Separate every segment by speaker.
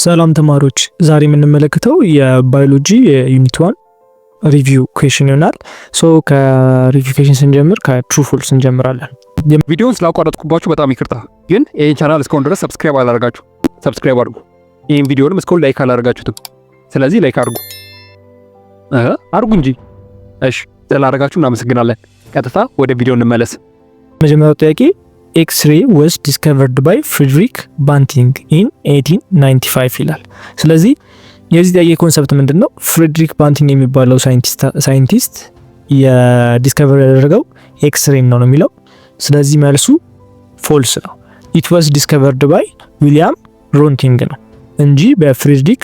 Speaker 1: ሰላም ተማሪዎች፣ ዛሬ የምንመለከተው የባዮሎጂ የዩኒት ዋን ሪቪው ኩዌሽን ይሆናል። ሶ ከሪቪው ኩዌሽን ስንጀምር ከትሩ ፎልስ እንጀምራለን።
Speaker 2: ስላቋረጥኩባችሁ በጣም ይቅርታ፣ ግን ይህን ቻናል እስከሆን ድረስ ሰብስክራይብ አላደርጋችሁ ሰብስክራይብ አድርጉ። ይህን ቪዲዮንም እስከሆን ላይክ አላደርጋችሁትም፣ ስለዚህ ላይክ አድርጉ አድርጉ እንጂ። እሺ ስላደረጋችሁ እናመሰግናለን። ቀጥታ ወደ ቪዲዮ እንመለስ።
Speaker 1: መጀመሪያው ጥያቄ ኤክስሬ ወዝ ዲስከቨርድ ባይ ፍሬድሪክ ባንቲንግ ኢን 1895 ይላል። ስለዚህ የዚህ ጥያቄ ኮንሰፕት ምንድን ነው? ፍሬድሪክ ባንቲንግ የሚባለው ሳይንቲስት የዲስከቨር ያደረገው ኤክስሬን ነው ነው የሚለው ስለዚህ መልሱ ፎልስ ነው። ኢት ወዝ ዲስከቨርድ ባይ ዊሊያም ሮንቲንግ ነው እንጂ በፍሬድሪክ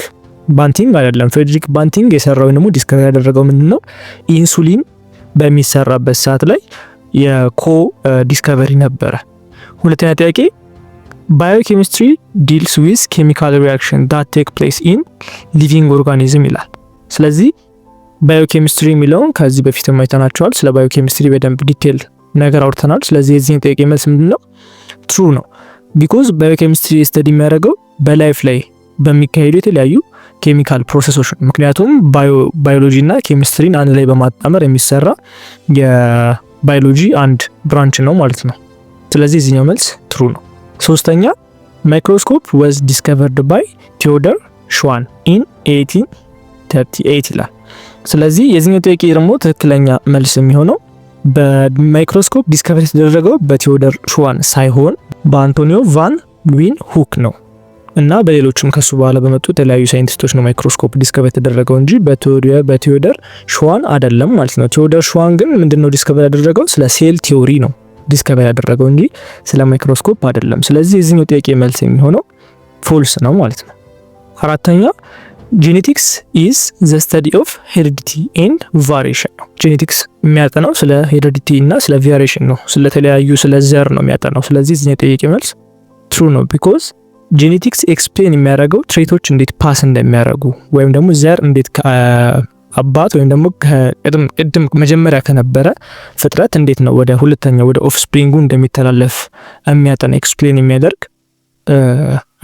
Speaker 1: ባንቲንግ አይደለም። ፍሬድሪክ ባንቲንግ የሰራው ወይም ደግሞ ዲስከቨር ያደረገው ምንድን ነው? ኢንሱሊን በሚሰራበት ሰዓት ላይ የኮ ዲስከቨሪ ነበረ። ሁለተኛ ጥያቄ ባዮኬሚስትሪ ዲልስ ዊዝ ኬሚካል ሪያክሽን ዳት ቴክ ፕሌስ ኢን ሊቪንግ ኦርጋኒዝም ይላል። ስለዚህ ባዮኬሚስትሪ የሚለውን ከዚህ በፊት አይተናቸዋል። ስለ ባዮኬሚስትሪ በደንብ ዲቴል ነገር አውርተናል። ስለዚህ የዚህን ጥያቄ መልስ ምንድን ነው? ትሩ ነው። ቢኮዝ ባዮኬሚስትሪ ስተዲ የሚያደርገው በላይፍ ላይ በሚካሄዱ የተለያዩ ኬሚካል ፕሮሰሶች ነው። ምክንያቱም ባዮሎጂ እና ኬሚስትሪን አንድ ላይ በማጣመር የሚሰራ የባዮሎጂ አንድ ብራንች ነው ማለት ነው። ስለዚህ እዚህኛው መልስ ትሩ ነው። ሶስተኛ ማይክሮስኮፕ ወዝ ዲስከቨርድ ባይ ቴዎደር ሽዋን ኢን 1838 ይላል። ስለዚህ የዚኛው ጥያቄ ደግሞ ትክክለኛ መልስ የሚሆነው በማይክሮስኮፕ ዲስከቨር የተደረገው በቴዎደር ሽዋን ሳይሆን በአንቶኒዮ ቫን ዊን ሁክ ነው እና በሌሎችም ከሱ በኋላ በመጡ የተለያዩ ሳይንቲስቶች ነው ማይክሮስኮፕ ዲስከቨር የተደረገው እንጂ በቴዎደር ሽዋን አይደለም ማለት ነው። ቴዎደር ሽዋን ግን ምንድነው ዲስከቨር ያደረገው ስለ ሴል ቴዎሪ ነው። ዲስከቨር ያደረገው እንጂ ስለ ማይክሮስኮፕ አይደለም። ስለዚህ የዚህኛው ጥያቄ መልስ የሚሆነው ፎልስ ነው ማለት ነው። አራተኛ ጄኔቲክስ ኢዝ ዘ ስተዲ ኦፍ ሄሪዲቲ ኤንድ ቫሪሽን ነው። ጄኔቲክስ የሚያጠናው ስለ ሄሪዲቲ እና ስለ ቫሪሽን ነው፣ ስለተለያዩ ስለ ዘር ነው የሚያጠናው። ስለዚህ የዚህኛው ጥያቄ መልስ ትሩ ነው ቢኮዝ ጄኔቲክስ ኤክስፕሌን የሚያደርገው ትሬቶች እንዴት ፓስ እንደሚያደርጉ ወይም ደግሞ ዘር እንዴት አባት ወይም ደግሞ ቅድም መጀመሪያ ከነበረ ፍጥረት እንዴት ነው ወደ ሁለተኛ ወደ ኦፍስፕሪንጉ እንደሚተላለፍ የሚያጠን ኤክስፕሌን የሚያደርግ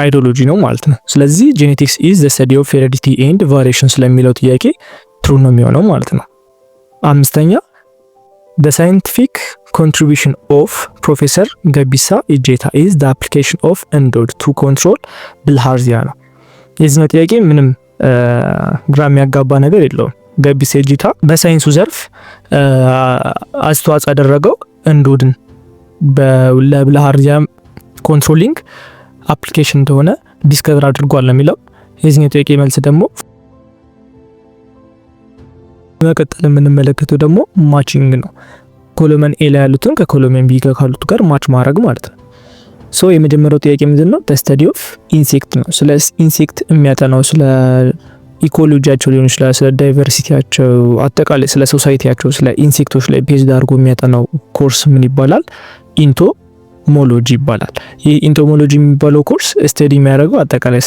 Speaker 1: አይዲዮሎጂ ነው ማለት ነው። ስለዚህ ጄኔቲክስ ኢዝ ዘ ስተዲ ኦፍ ሄሬዲቲ ኤንድ ቫሪሽን ስለሚለው ጥያቄ ትሩ ነው የሚሆነው ማለት ነው። አምስተኛ ዘ ሳይንቲፊክ ኮንትሪቢሽን ኦፍ ፕሮፌሰር ገቢሳ ኢጄታ ኢዝ ዘ አፕሊኬሽን ኦፍ እንዶድ ቱ ኮንትሮል ብልሃርዚያ ነው። ነው ጥያቄ ምንም ግራ የሚያጋባ ነገር የለውም። ገቢስ ኤጂታ በሳይንሱ ዘርፍ አስተዋጽኦ ያደረገው እንዱድን ለብልሃርዚያ ኮንትሮሊንግ አፕሊኬሽን እንደሆነ ዲስከቨር አድርጓል ነው የሚለው። የዚህኛው ጥያቄ መልስ ደግሞ በመቀጠል የምንመለከተው ደግሞ ማቺንግ ነው። ኮሎመን ኤ ላይ ያሉትን ከኮሎመን ቢ ካሉት ጋር ማች ማድረግ ማለት ነው። ሶ የመጀመሪያው ጥያቄ ምንድን ነው? ተስተዲ ኦፍ ኢንሴክት ነው። ስለ ኢንሴክት የሚያጠናው ስለ ኢኮሎጂያቸው ሊሆን ይችላል፣ ስለ ዳይቨርሲቲያቸው፣ አጠቃላይ ስለ ሶሳይቲያቸው፣ ስለ ኢንሴክቶች ላይ ፔጅ ዳርጎ የሚያጠናው ኮርስ ምን ይባላል? ኢንቶ ሞሎጂ ይባላል። ይህ ኢንቶሞሎጂ የሚባለው ኮርስ ስተዲ የሚያደርገው አጠቃላይ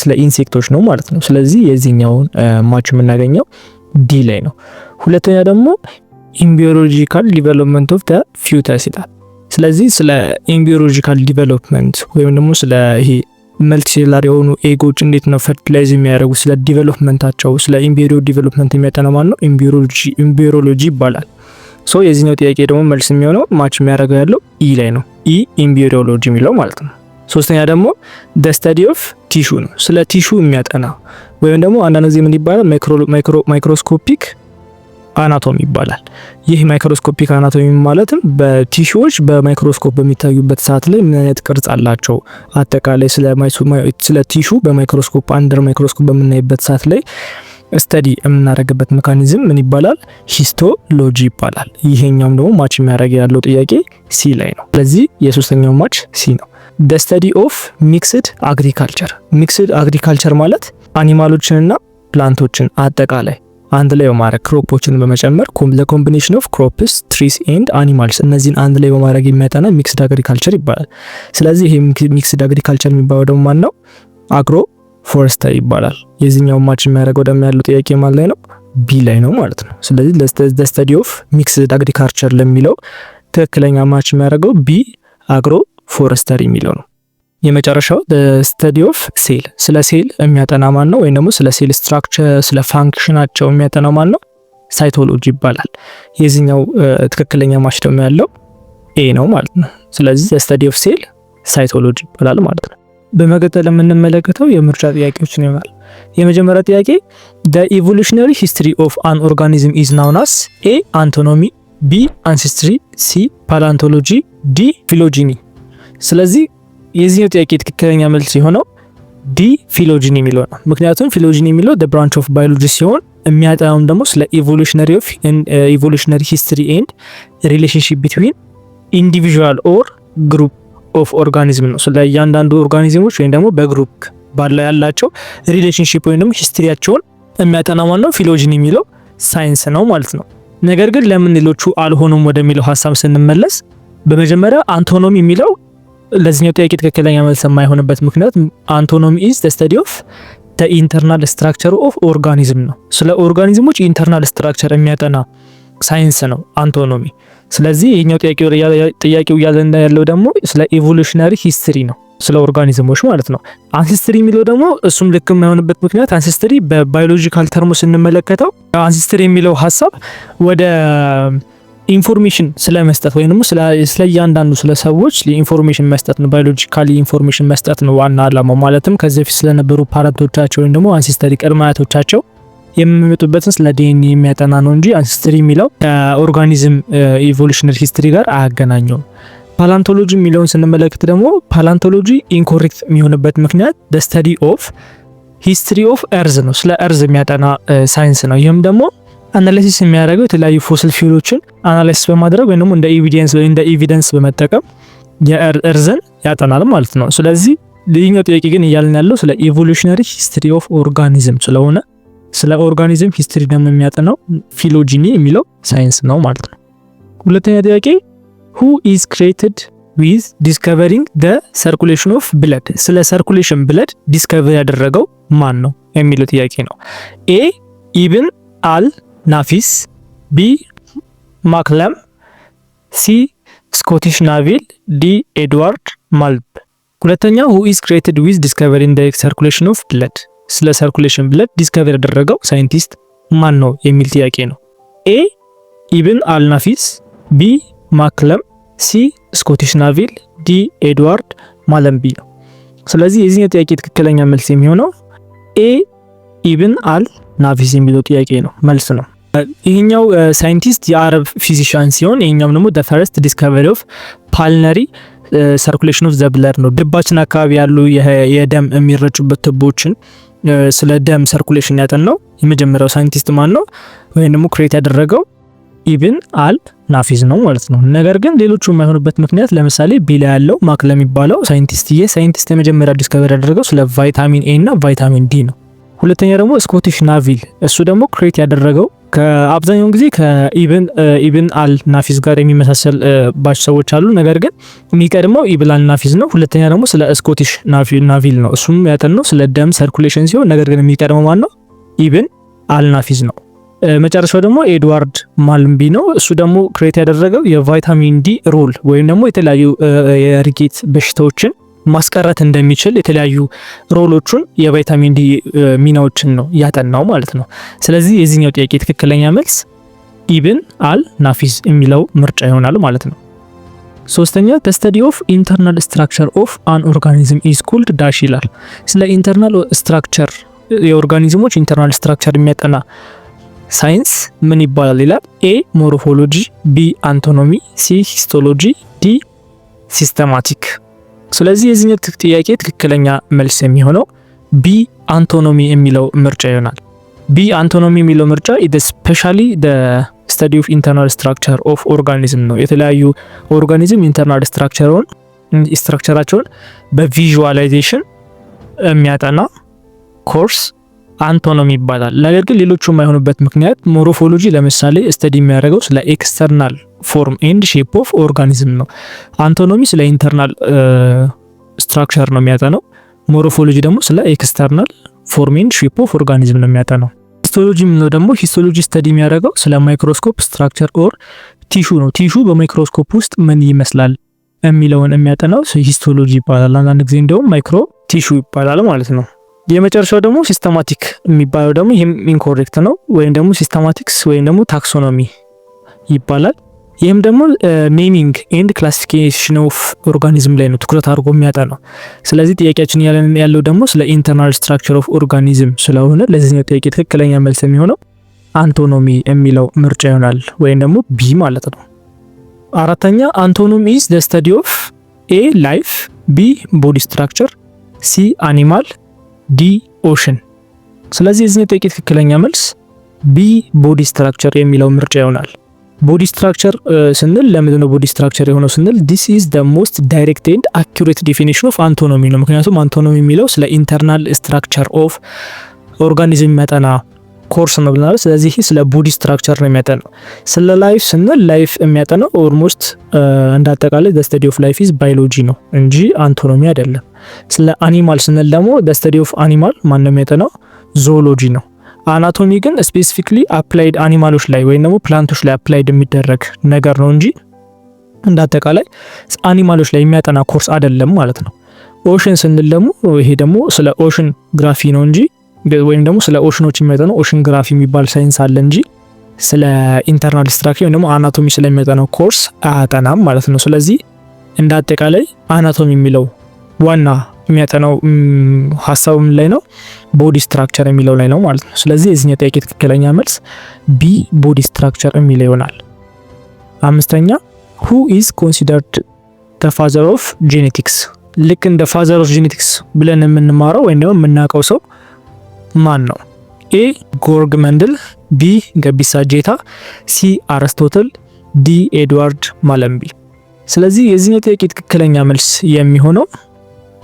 Speaker 1: ስለ ኢንሴክቶች ነው ማለት ነው። ስለዚህ የዚህኛውን ማች የምናገኘው ዲ ላይ ነው። ሁለተኛ ደግሞ ኢምቢዮሎጂካል ዲቨሎፕመንት ኦፍ ፊውተርስ ይላል። ስለዚህ ስለ ኢምቢዮሎጂካል ዲቨሎፕመንት ወይም ደግሞ ስለ ይሄ መልቲሴላር የሆኑ ኤጎች እንዴት ነው ፈርቲላይዝ የሚያደርጉ ስለ ዲቨሎፕመንታቸው ስለ ኢምቤሪዮ ዲቨሎፕመንት የሚያጠናው ማን ነው ኢምቤሪዮሎጂ ይባላል። ሶ የዚህኛው ጥያቄ ደግሞ መልስ የሚሆነው ማች የሚያደርገው ያለው ኢ ላይ ነው። ኢ ኢምቤሪዮሎጂ የሚለው ማለት ነው። ሶስተኛ ደግሞ ደ ስተዲ ኦፍ ቲሹ ነው፣ ስለ ቲሹ የሚያጠና ወይም ደግሞ አንዳንድ ጊዜ ምን ይባላል ማይክሮስኮፒክ አናቶሚ ይባላል። ይህ ማይክሮስኮፒክ አናቶሚ ማለትም በቲሹዎች በማይክሮስኮፕ በሚታዩበት ሰዓት ላይ ምን አይነት ቅርጽ አላቸው፣ አጠቃላይ ስለ ቲሹ በማይክሮስኮፕ አንደር ማይክሮስኮፕ በምናይበት ሰዓት ላይ ስተዲ የምናደርግበት ሜካኒዝም ምን ይባላል? ሂስቶሎጂ ይባላል። ይሄኛውም ደግሞ ማች የሚያደርግ ያለው ጥያቄ ሲ ላይ ነው። ስለዚህ የሶስተኛው ማች ሲ ነው። ደ ስተዲ ኦፍ ሚክስድ አግሪካልቸር። ሚክስድ አግሪካልቸር ማለት አኒማሎችንና ፕላንቶችን አጠቃላይ አንድ ላይ በማድረግ ክሮፖችን በመጨመር ለኮምቢኔሽን ኦፍ ክሮፕስ ትሪስ ኤንድ አኒማልስ እነዚህን አንድ ላይ በማድረግ የሚያጠና ሚክስድ አግሪካልቸር ይባላል። ስለዚህ ይሄ ሚክስድ አግሪካልቸር የሚባለው ደግሞ ማን ነው? አግሮ ፎረስተር ይባላል። የዚህኛው ማች የሚያደርገው ደግሞ ያለው ጥያቄ ማን ላይ ነው? ቢ ላይ ነው ማለት ነው። ስለዚህ ለስተዲ ኦፍ ሚክስድ አግሪካልቸር ለሚለው ትክክለኛ ማች የሚያደርገው ቢ አግሮ ፎረስተር የሚለው ነው። የመጨረሻው ስተዲ ኦፍ ሴል ስለ ሴል የሚያጠና ማን ነው? ወይም ደግሞ ስለ ሴል ስትራክቸር ስለ ፋንክሽናቸው የሚያጠና ማን ነው? ሳይቶሎጂ ይባላል። የዚህኛው ትክክለኛ ማች ደግሞ ያለው ኤ ነው ማለት ነው። ስለዚህ ስተዲ ኦፍ ሴል ሳይቶሎጂ ይባላል ማለት ነው። በመቀጠል የምንመለከተው የምርጫ ጥያቄዎችን ይሆናል። የመጀመሪያ ጥያቄ ኢቮሉሽነሪ ሂስትሪ ኦፍ አን ኦርጋኒዝም ኢዝ ናውናስ ኤ አንቶኖሚ፣ ቢ አንሴስትሪ፣ ሲ ፓላንቶሎጂ፣ ዲ ፊሎጂኒ። ስለዚህ የዚህኛው ጥያቄ ትክክለኛ መልስ የሆነው ዲ ፊሎጂን የሚለው ነው። ምክንያቱም ፊሎጂን የሚለው ብራንች ኦፍ ባዮሎጂ ሲሆን የሚያጠናውም ደግሞ ስለ ኢቮሉሽነሪ ሂስትሪ ኤንድ ሪሌሽንሽፕ ቢትዊን ኢንዲቪዥዋል ኦር ግሩፕ ኦፍ ኦርጋኒዝም ነው። ስለ እያንዳንዱ ኦርጋኒዝሞች ወይም ደግሞ በግሩፕ ባላ ያላቸው ሪሌሽንሽፕ ወይም ደግሞ ሂስትሪያቸውን የሚያጠናው ማን ነው? ፊሎጂን የሚለው ሳይንስ ነው ማለት ነው። ነገር ግን ለምን ሌሎቹ አልሆኑም ወደሚለው ሀሳብ ስንመለስ በመጀመሪያ አንቶኖሚ የሚለው ለዚህኛው ጥያቄ ትክክለኛ መልስ የማይሆንበት ምክንያት አንቶኖሚ ኢዝ ስተዲ ኦፍ ኢንተርናል ስትራክቸር ኦፍ ኦርጋኒዝም ነው። ስለ ኦርጋኒዝሞች ኢንተርናል ስትራክቸር የሚያጠና ሳይንስ ነው አንቶኖሚ። ስለዚህ ይህኛው ጥያቄው እያለ ያለው ደግሞ ስለ ኢቮሉሽነሪ ሂስትሪ ነው፣ ስለ ኦርጋኒዝሞች ማለት ነው። አንሲስትሪ የሚለው ደግሞ እሱም ልክ የማይሆንበት ምክንያት አንሲስትሪ በባዮሎጂካል ተርሞ ስንመለከተው አንሲስትሪ የሚለው ሀሳብ ወደ ኢንፎርሜሽን ስለ መስጠት ወይም ደግሞ ስለ እያንዳንዱ ስለ ሰዎች ኢንፎርሜሽን መስጠት ነው። ባዮሎጂካሊ ኢንፎርሜሽን መስጠት ነው ዋና አላማው። ማለትም ከዚህ በፊት ስለነበሩ ፓረንቶቻቸው ወይም ደግሞ አንሲስተሪ ቅድመ አያቶቻቸው የሚመጡበትን ስለ ዲኤንኤ የሚያጠና ነው እንጂ አንሲስተሪ የሚለው ከኦርጋኒዝም ኢቮሉሽነሪ ሂስትሪ ጋር አያገናኘውም። ፓላንቶሎጂ የሚለውን ስንመለከት ደግሞ ፓላንቶሎጂ ኢንኮሬክት የሚሆንበት ምክንያት ስተዲ ኦፍ ሂስትሪ ኦፍ እርዝ ነው። ስለ እርዝ የሚያጠና ሳይንስ uh, ነው። ይህም ደግሞ አናላይሲስ የሚያደርገው የተለያዩ ፎሲል ፊውሎችን አናላይሲስ በማድረግ ወይም ደግሞ እንደ ኤቪደንስ እንደ ኤቪደንስ በመጠቀም የእርዝን ያጠናል ማለት ነው። ስለዚህ ልዩኛው ጥያቄ ግን እያልን ያለው ስለ ኢቮሉሽነሪ ሂስትሪ ኦፍ ኦርጋኒዝም ስለሆነ ስለ ኦርጋኒዝም ሂስትሪ ደግሞ የሚያጠናው ፊሎጂኒ የሚለው ሳይንስ ነው ማለት ነው። ሁለተኛ ጥያቄ ሁ ኢዝ ክሬትድ ዊዝ ዲስከቨሪንግ ደ ሰርኩሌሽን ኦፍ ብለድ፣ ስለ ሰርኩሌሽን ብለድ ዲስከቨር ያደረገው ማን ነው የሚለው ጥያቄ ነው። ኤ ኢብን አል ናፊስ፣ ቢ ማክለም፣ ሲ ስኮቲሽ ናቪል፣ ዲ ኤድዋርድ ማልብ። ሁለተኛው ሁ ኢዝ ክሬትድ ዊዝ ዲስከቨሪንግ ደ ሰርኩሌሽን ኦፍ ብለድ፣ ስለ ሰርኩሌሽን ብለድ ዲስከቨር ያደረገው ሳይንቲስት ማን ነው የሚል ጥያቄ ነው። ኤ ኢብን አልናፊስ፣ ቢ ማክለም፣ ሲ ስኮቲሽ ናቪል፣ ዲ ኤድዋርድ ማለምቢ ነው። ስለዚህ የዚህኛው ጥያቄ ትክክለኛ መልስ የሚሆነው ኤ ኢብን አል ናፊስ የሚለው ጥያቄ ነው መልስ ነው። ይህኛው ሳይንቲስት የአረብ ፊዚሽያን ሲሆን ይህኛውም ደግሞ ፈርስት ዲስከቨሪ ኦፍ ፓልነሪ ሰርኩሌሽን ኦፍ ዘብለር ነው። ድባችን አካባቢ ያሉ የደም የሚረጩበት ቱቦችን ስለ ደም ሰርኩሌሽን ያጠን ነው። የመጀመሪያው ሳይንቲስት ማን ነው? ወይም ደግሞ ክሬት ያደረገው ኢብን አል ናፊዝ ነው ማለት ነው። ነገር ግን ሌሎቹ የማይሆኑበት ምክንያት ለምሳሌ ቢላ ያለው ማክ ለሚባለው ሳይንቲስት ይህ ሳይንቲስት የመጀመሪያ ዲስከቨር ያደረገው ስለ ቫይታሚን ኤ እና ቫይታሚን ዲ ነው። ሁለተኛ ደግሞ ስኮቲሽ ናቪል እሱ ደግሞ ክሬት ያደረገው ከአብዛኛውን ጊዜ ከኢብን አል ናፊዝ ጋር የሚመሳሰል ባቸው ሰዎች አሉ። ነገር ግን የሚቀድመው ኢብን አል ናፊዝ ነው። ሁለተኛ ደግሞ ስለ ስኮቲሽ ናቪል ነው። እሱም ያጠን ነው ስለ ደም ሰርኩሌሽን ሲሆን፣ ነገር ግን የሚቀድመው ማን ነው? ኢብን አል ናፊዝ ነው። መጨረሻው ደግሞ ኤድዋርድ ማልምቢ ነው። እሱ ደግሞ ክሬት ያደረገው የቫይታሚን ዲ ሮል ወይም ደግሞ የተለያዩ የሪኬት በሽታዎችን ማስቀረት እንደሚችል የተለያዩ ሮሎቹን የቫይታሚን ዲ ሚናዎችን ነው ያጠናው ማለት ነው። ስለዚህ የዚህኛው ጥያቄ ትክክለኛ መልስ ኢብን አል ናፊስ የሚለው ምርጫ ይሆናል ማለት ነው። ሶስተኛ ተስተዲ ኦፍ ኢንተርናል ስትራክቸር ኦፍ አን ኦርጋኒዝም ኢዝ ኮልድ ዳሽ ይላል። ስለ ኢንተርናል ስትራክቸር የኦርጋኒዝሞች ኢንተርናል ስትራክቸር የሚያጠና ሳይንስ ምን ይባላል ይላል። ኤ ሞሮፎሎጂ፣ ቢ አንቶኖሚ፣ ሲ ሂስቶሎጂ፣ ዲ ሲስተማቲክ ስለዚህ የዚህኛው ጥያቄ ትክክለኛ መልስ የሚሆነው ቢ አንቶኖሚ የሚለው ምርጫ ይሆናል። ቢ አንቶኖሚ የሚለው ምርጫ ስፔሻሊ ስዲ ኦፍ ኢንተርናል ስትራክቸር ኦፍ ኦርጋኒዝም ነው። የተለያዩ ኦርጋኒዝም ኢንተርናል ስትራክቸራቸውን በቪዥዋላይዜሽን የሚያጠና ኮርስ አንቶኖም ይባላል። ነገር ግን ሌሎቹ የማይሆኑበት ምክንያት ሞሮፎሎጂ ለምሳሌ ስተዲ የሚያደርገው ስለ ኤክስተርናል ፎርም ኤንድ ሼፕ ኦፍ ኦርጋኒዝም ነው። አንቶኖሚ ስለ ኢንተርናል ስትራክቸር ነው የሚያጠነው። ሞሮፎሎጂ ደግሞ ስለ ኤክስተርናል ፎርም ኤንድ ሼፕ ኦፍ ኦርጋኒዝም ነው የሚያጠነው። ሂስቶሎጂ የምንለው ደግሞ ሂስቶሎጂ ስተዲ የሚያደርገው ስለ ማይክሮስኮፕ ስትራክቸር ኦር ቲሹ ነው። ቲሹ በማይክሮስኮፕ ውስጥ ምን ይመስላል የሚለውን የሚያጠናው ሂስቶሎጂ ይባላል። አንዳንድ ጊዜ እንደውም ማይክሮ ቲሹ ይባላል ማለት ነው። የመጨረሻው ደግሞ ሲስተማቲክ የሚባለው ደግሞ ይህም ኢንኮሬክት ነው፣ ወይም ደግሞ ሲስተማቲክስ ወይም ደግሞ ታክሶኖሚ ይባላል። ይህም ደግሞ ኔሚንግ ኤንድ ክላሲፊኬሽን ኦፍ ኦርጋኒዝም ላይ ነው ትኩረት አድርጎ የሚያጠ ነው። ስለዚህ ጥያቄያችን ያለው ደግሞ ስለ ኢንተርናል ስትራክቸር ኦፍ ኦርጋኒዝም ስለሆነ ለዚህኛው ጥያቄ ትክክለኛ መልስ የሚሆነው አንቶኖሚ የሚለው ምርጫ ይሆናል፣ ወይም ደግሞ ቢ ማለት ነው። አራተኛ አንቶኖሚ ኢዝ ዘ ስተዲ ኦፍ ኤ ላይፍ፣ ቢ ቦዲ ስትራክቸር፣ ሲ አኒማል ዲ ኦሽን። ስለዚህ የዚህ ጥያቄ ትክክለኛ መልስ ቢ ቦዲ ስትራክቸር የሚለው ምርጫ ይሆናል። ቦዲ ስትራክቸር ስንል ለምንድን ነው ቦዲ ስትራክቸር የሆነው ስንል ዲስ ኢዝ ደ ሞስት ዳይሬክት ኤንድ አኪሬት ዴፊኒሽን ኦፍ አንቶኖሚ ነው። ምክንያቱም አንቶኖሚ የሚለው ስለ ኢንተርናል ስትራክቸር ኦፍ ኦርጋኒዝም የሚያጠና ኮርስ ነው ብለናል። ስለዚህ ስለ ቦዲ ስትራክቸር ነው የሚያጠናው። ስለ ላይፍ ስንል ላይፍ የሚያጠናው ኦልሞስት እንዳጠቃላይ ዘ ስተዲ ኦፍ ላይፍ ኢዝ ባዮሎጂ ነው እንጂ አንቶኖሚ አይደለም። ስለ አኒማል ስንል ደግሞ ስተዲ ኦፍ አኒማል ማንም የጠናው ዞሎጂ ነው። አናቶሚ ግን ስፔሲፊክሊ አፕላይድ አኒማሎች ላይ ወይም ደግሞ ፕላንቶች ላይ አፕላይድ የሚደረግ ነገር ነው እንጂ እንዳጠቃላይ አኒማሎች ላይ የሚያጠና ኮርስ አይደለም ማለት ነው። ኦሽን ስንል ደግሞ ይሄ ደግሞ ስለ ኦሽን ግራፊ ነው እንጂ ወይም ደግሞ ስለ ኦሽኖች የሚያጠናው ኦሽን ግራፊ የሚባል ሳይንስ አለ እንጂ ስለ ኢንተርናል ስትራክቸር ወይም ደግሞ አናቶሚ ስለሚያጠነው ኮርስ አያጠናም ማለት ነው። ስለዚህ እንደ አጠቃላይ አናቶሚ የሚለው ዋና የሚያጠነው ሀሳቡ ምን ላይ ነው? ቦዲ ስትራክቸር የሚለው ላይ ነው ማለት ነው። ስለዚህ የዚህኛው ጥያቄ ትክክለኛ መልስ ቢ ቦዲ ስትራክቸር የሚለው ይሆናል። አምስተኛ ሁ ኢዝ ኮንሲደርድ ደ ፋዘር ኦፍ ጄኔቲክስ። ልክ እንደ ፋዘር ኦፍ ጄኔቲክስ ብለን የምንማረው ወይም ደግሞ የምናውቀው ሰው ማን ነው? ኤ ጎርግ መንድል፣ ቢ ገቢሳ ጄታ፣ ሲ አርስቶትል፣ ዲ ኤድዋርድ ማለምቢ። ስለዚህ የዚህኛው ጥያቄ ትክክለኛ መልስ የሚሆነው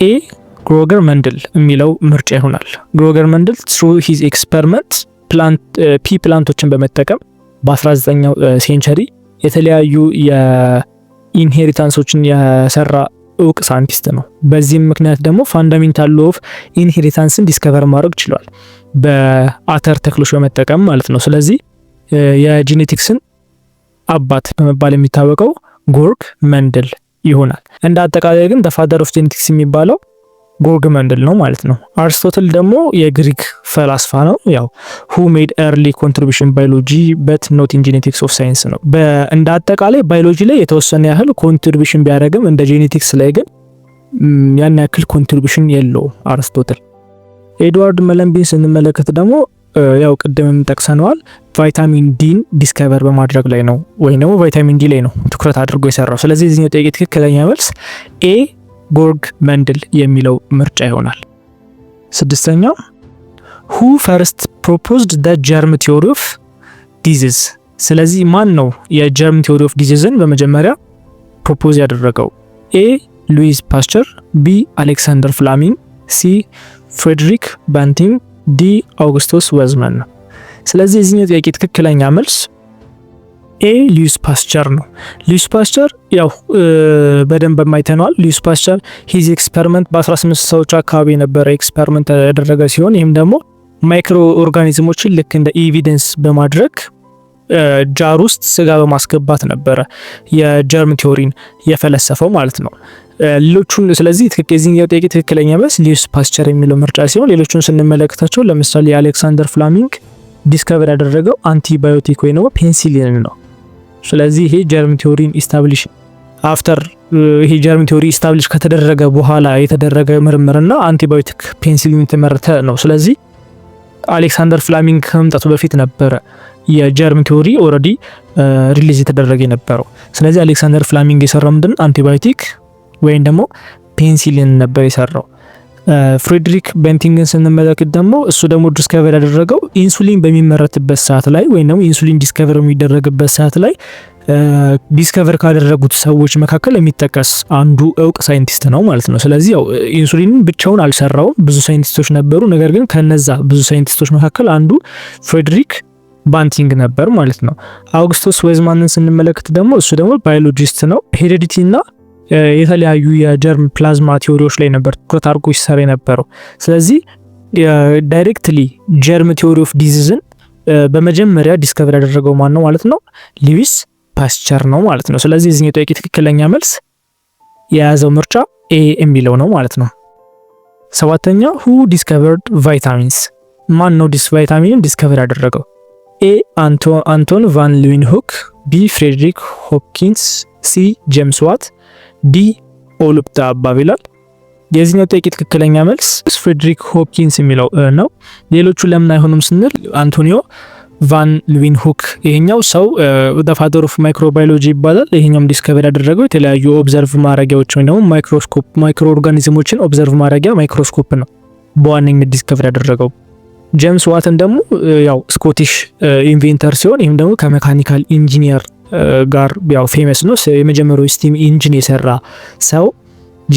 Speaker 1: ኤ ግሮገር መንድል የሚለው ምርጫ ይሆናል። ግሮገር መንድል ትሩ ሂዝ ኤክስፐሪመንት ፒ ፕላንቶችን በመጠቀም በ19ኛው ሴንቸሪ የተለያዩ የኢንሄሪታንሶችን የሰራ እውቅ ሳይንቲስት ነው። በዚህም ምክንያት ደግሞ ፋንዳሜንታል ሎፍ ኢንሄሪታንስን ዲስከቨር ማድረግ ችሏል፣ በአተር ተክሎች በመጠቀም ማለት ነው። ስለዚህ የጂኔቲክስን አባት በመባል የሚታወቀው ጎርግ መንድል ይሆናል። እንደ አጠቃላይ ግን ተፋደር ኦፍ ጄኔቲክስ የሚባለው ጎርግ መንድል ነው ማለት ነው። አርስቶትል ደግሞ የግሪክ ፈላስፋ ነው። ያው ሁ ሜድ ኤርሊ ኮንትሪቢሽን ባዮሎጂ በት ኖት ኢን ጄኔቲክስ ኦፍ ሳይንስ ነው። እንደ አጠቃላይ ባዮሎጂ ላይ የተወሰነ ያህል ኮንትሪቢሽን ቢያደርግም እንደ ጄኔቲክስ ላይ ግን ያን ያክል ኮንትሪቢሽን የለው አርስቶትል። ኤድዋርድ መለምቢን ስንመለከት ደግሞ ያው ቅድምም ጠቅሰነዋል ቫይታሚን ዲን ዲስከቨር በማድረግ ላይ ነው ወይም ደግሞ ቫይታሚን ዲ ላይ ነው ትኩረት አድርጎ የሰራው። ስለዚህ የዚህኛው ጥያቄ ትክክለኛ መልስ ኤ ቦርግ መንድል የሚለው ምርጫ ይሆናል። ስድስተኛው ሁ ፈርስት ፕሮፖዝድ ደ ጀርም ቲዮሪ ኦፍ ዲዚዝ፣ ስለዚህ ማን ነው የጀርም ቲዮሪ ኦፍ ዲዚዝን በመጀመሪያ ፕሮፖዝ ያደረገው? ኤ ሉዊስ ፓስቸር፣ ቢ አሌክሳንደር ፍላሚንግ፣ ሲ ፍሬድሪክ ባንቲንግ ዲ አውግስቶስ ወዝመን ነው። ስለዚህ የዚህኛው ጥያቄ ትክክለኛ መልስ ኤ ሊዩስ ፓስቸር ነው። ሊዩስ ፓስቸር ያው በደንብ የማይተነዋል። ሊዩስ ፓስቸር ሂዝ ኤክስፐሪመንት በ18 ሰዎች አካባቢ የነበረ ኤክስፐሪመንት ያደረገ ሲሆን ይህም ደግሞ ማይክሮ ኦርጋኒዝሞችን ልክ እንደ ኤቪደንስ በማድረግ ጃር ውስጥ ስጋ በማስገባት ነበረ የጀርም ቲዎሪን የፈለሰፈው ማለት ነው። ሌሎቹን ስለዚህ ትክክል የዚህኛው ጥያቄ ትክክለኛ በስ ሊዩስ ፓስቸር የሚለው ምርጫ ሲሆን ሌሎቹን ስንመለከታቸው ለምሳሌ የአሌክሳንደር ፍላሚንግ ዲስከቨር ያደረገው አንቲባዮቲክ ወይ ነው ፔንሲሊን ነው። ስለዚህ ይሄ ጀርም ቲዮሪን ኢስታብሊሽ አፍተር ይሄ ጀርም ቲዮሪ ኢስታብሊሽ ከተደረገ በኋላ የተደረገ ምርምርና አንቲባዮቲክ ፔንሲሊን የተመረተ ነው። ስለዚህ አሌክሳንደር ፍላሚንግ ከመምጣቱ በፊት ነበረ የጀርም ቴዎሪ ኦልሬዲ ሪሊዝ የተደረገ የነበረው። ስለዚህ አሌክሳንደር ፍላሚንግ የሰራው ምንድን አንቲባዮቲክ ወይም ደግሞ ፔንሲሊን ነበር የሰራው። ፍሬድሪክ ቤንቲንግን ስንመለከት ደግሞ እሱ ደግሞ ዲስከቨር ያደረገው ኢንሱሊን በሚመረትበት ሰዓት ላይ ወይም ደግሞ ኢንሱሊን ዲስከቨር የሚደረግበት ሰዓት ላይ ዲስከቨር ካደረጉት ሰዎች መካከል የሚጠቀስ አንዱ እውቅ ሳይንቲስት ነው ማለት ነው። ስለዚህ ያው ኢንሱሊንን ብቻውን አልሰራውም፣ ብዙ ሳይንቲስቶች ነበሩ። ነገር ግን ከነዛ ብዙ ሳይንቲስቶች መካከል አንዱ ፍሬድሪክ ባንቲንግ ነበር ማለት ነው። አውግስቶስ ወዝማንን ስንመለከት ደግሞ እሱ ደግሞ ባዮሎጂስት ነው። ሄሬዲቲ እና የተለያዩ የጀርም ፕላዝማ ቴዎሪዎች ላይ ነበር ትኩረት አድርጎ ሲሰራ የነበረው። ስለዚህ ዳይሬክትሊ ጀርም ቴዎሪ ኦፍ ዲዚዝን በመጀመሪያ ዲስከቨር ያደረገው ማን ነው ማለት ነው? ሊዊስ ፓስቸር ነው ማለት ነው። ስለዚህ የዚህ ጥያቄ ትክክለኛ መልስ የያዘው ምርጫ ኤ የሚለው ነው ማለት ነው። ሰባተኛ ሁ ዲስከቨርድ ቫይታሚንስ ማን ነው ዲስ ቫይታሚንን ዲስከቨር ያደረገው? ኤ አንቶን ቫን ሉዊን ሁክ፣ ቢ ፍሬድሪክ ሆፕኪንስ፣ ሲ ጄምስ ዋት ዲ ኦሉፕታ አባብ ይላል። የዚህኛው ጥያቄ ትክክለኛ መልስ ፍሬድሪክ ሆፕኪንስ የሚለው ነው። ሌሎቹ ለምን አይሆኑም ስንል አንቶኒዮ ቫን ሉዊን ሁክ ይሄኛው ሰው ፋዘር ኦፍ ማይክሮባዮሎጂ ይባላል። ይሄኛውም ዲስከቨሪ ያደረገው የተለያዩ ኦብዘርቭ ማረጊያዎች ወይም ደግሞ ማይክሮስኮፕ ማይክሮ ኦርጋኒዝሞችን ኦብዘርቭ ማረጊያ ማይክሮስኮፕ ነው በዋነኝነት ዲስከቨሪ ያደረገው። ጄምስ ዋትን ደግሞ ያው ስኮቲሽ ኢንቬንተር ሲሆን ይህም ደግሞ ከሜካኒካል ኢንጂኒየር ጋር ያው ፌመስ ነው። የመጀመሪያው ስቲም ኢንጂን የሰራ ሰው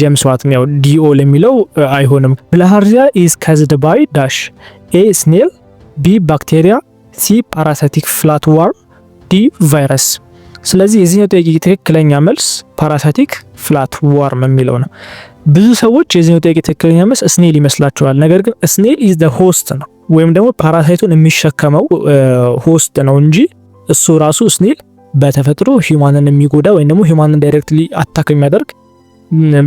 Speaker 1: ጀምስ ዋት ያው ዲኦ ለሚለው አይሆንም። ብላሃርዚያ ኢዝ ካዝድ ባይ ዳሽ ኤ ስኔል፣ ቢ ባክቴሪያ፣ ሲ ፓራሳይቲክ ፍላት ዋር፣ ዲ ቫይረስ። ስለዚህ የዚህ ጥያቄ ትክክለኛ መልስ ፓራሳይቲክ ፍላት ዋርም የሚለው ነው። ብዙ ሰዎች የዚህ ጥያቄ ትክክለኛ መልስ ስኔል ይመስላቸዋል። ነገር ግን ስኔል ኢዝ ዘ ሆስት ነው ወይም ደግሞ ፓራሳይቱን የሚሸከመው ሆስት ነው እንጂ እሱ ራሱ ስኔል በተፈጥሮ ሂማንን የሚጎዳ ወይም ደግሞ ሂማንን ዳይሬክትሊ አታክ የሚያደርግ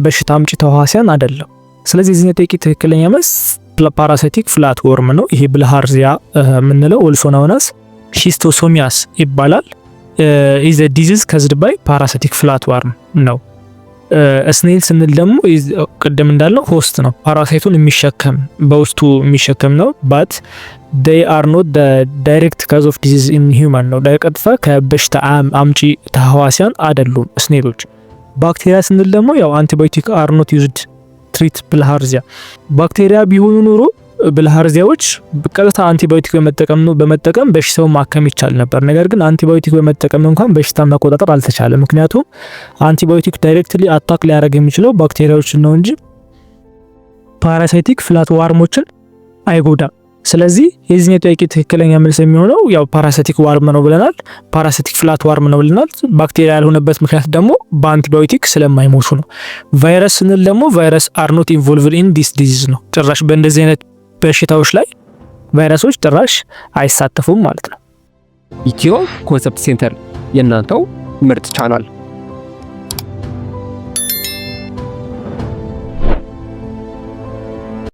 Speaker 1: በሽታ አምጪ ተዋሲያን አይደለም። ስለዚህ የዚህ ጥያቄ ትክክለኛ መስ ፓራሳይቲክ ፍላት ወርም ነው። ይሄ ብልሃርዚያ የምንለው ኦልሶ ናውን ሺስቶሶሚያስ ይባላል። ኢዝ ዲዚዝ ከዝድባይ ፓራሳይቲክ ፍላት ወርም ነው። ስኔል ስንል ደግሞ ቅድም እንዳለው ሆስት ነው፣ ፓራሳይቱን የሚሸከም በውስጡ የሚሸከም ነው። ባት ዴይ አር ኖት ዳይሬክት ካዝ ኦፍ ዲዚዝ ኢን ሂውማን ነው፣ ቀጥታ ከበሽታ አምጪ ተህዋሲያን አይደሉም ስኔሎች። ባክቴሪያ ስንል ደግሞ ያው አንቲባዮቲክ አር ኖት ዩዝድ ትሪት ብልሃርዚያ ባክቴሪያ ቢሆኑ ኑሮ ብልሃርዚያዎች ቀጥታ አንቲባዮቲክ በመጠቀም በመጠቀም በሽታው ማከም ይቻል ነበር። ነገር ግን አንቲባዮቲክ በመጠቀም እንኳን በሽታ መቆጣጠር አልተቻለም። ምክንያቱም አንቲባዮቲክ ዳይሬክትሊ አታክ ሊያደርግ የሚችለው ባክቴሪያዎችን ነው እንጂ ፓራሳይቲክ ፍላት ዋርሞችን አይጎዳም። ስለዚህ የዚህኛው ጥያቄ ትክክለኛ መልስ የሚሆነው ያው ፓራሳይቲክ ዋርም ነው ብለናል። ፓራሳይቲክ ፍላት ዋርም ነው ብለናል። ባክቴሪያ ያልሆነበት ምክንያት ደግሞ በአንቲባዮቲክ ስለማይሞቱ ነው። ቫይረስ ስንል ደግሞ ቫይረስ አርኖት ኢንቮልቭድ ኢን ዲስ ዲዚዝ ነው። ጭራሽ በእንደዚህ አይነት በሽታዎች ላይ ቫይረሶች ጭራሽ አይሳተፉም ማለት ነው። ኢትዮ ኮንሰፕት ሴንተር የእናንተው ምርጥ ቻናል